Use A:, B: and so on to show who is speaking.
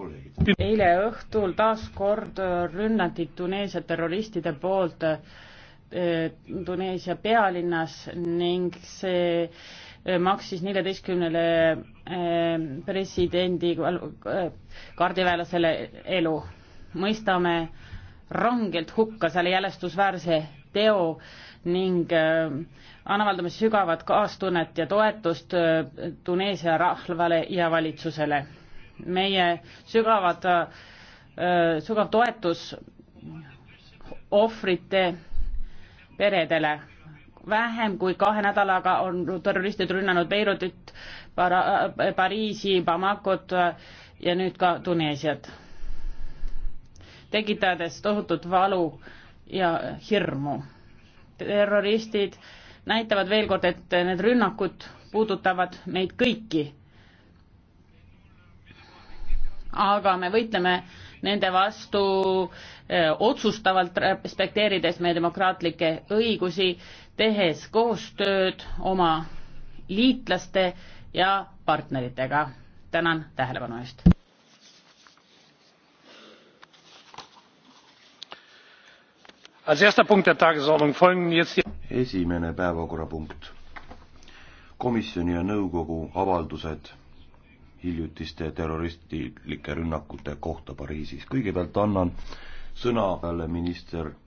A: kolleegid.
B: eile õhtul taas kord rünnati Tuneesia terroristide poolt eh, Tuneesia pealinnas ning see eh, maksis neljateistkümnele eh, presidendi kaardiväelasele elu. mõistame rangelt hukka selle jälestusväärse teo ning avaldame sügavat kaastunnet ja toetust Tuneesia rahvale ja valitsusele meie sügavad, äh, sügav toetus ohvrite peredele. vähem kui kahe nädalaga on terroristid rünnanud Beirutit, äh, Pariisi, Bamakot äh, ja nüüd ka Tuneesiat, tekitades tohutut valu ja hirmu. terroristid näitavad veel kord, et need rünnakud puudutavad meid kõiki aga me võitleme nende vastu eh, otsustavalt, respekteerides meie demokraatlikke õigusi, tehes koostööd oma liitlaste ja partneritega. tänan tähelepanu eest.
A: esimene päevakorrapunkt komisjoni ja nõukogu avaldused hiljutiste terroristlike rünnakute kohta Pariisis. kõigepealt annan sõna peale minister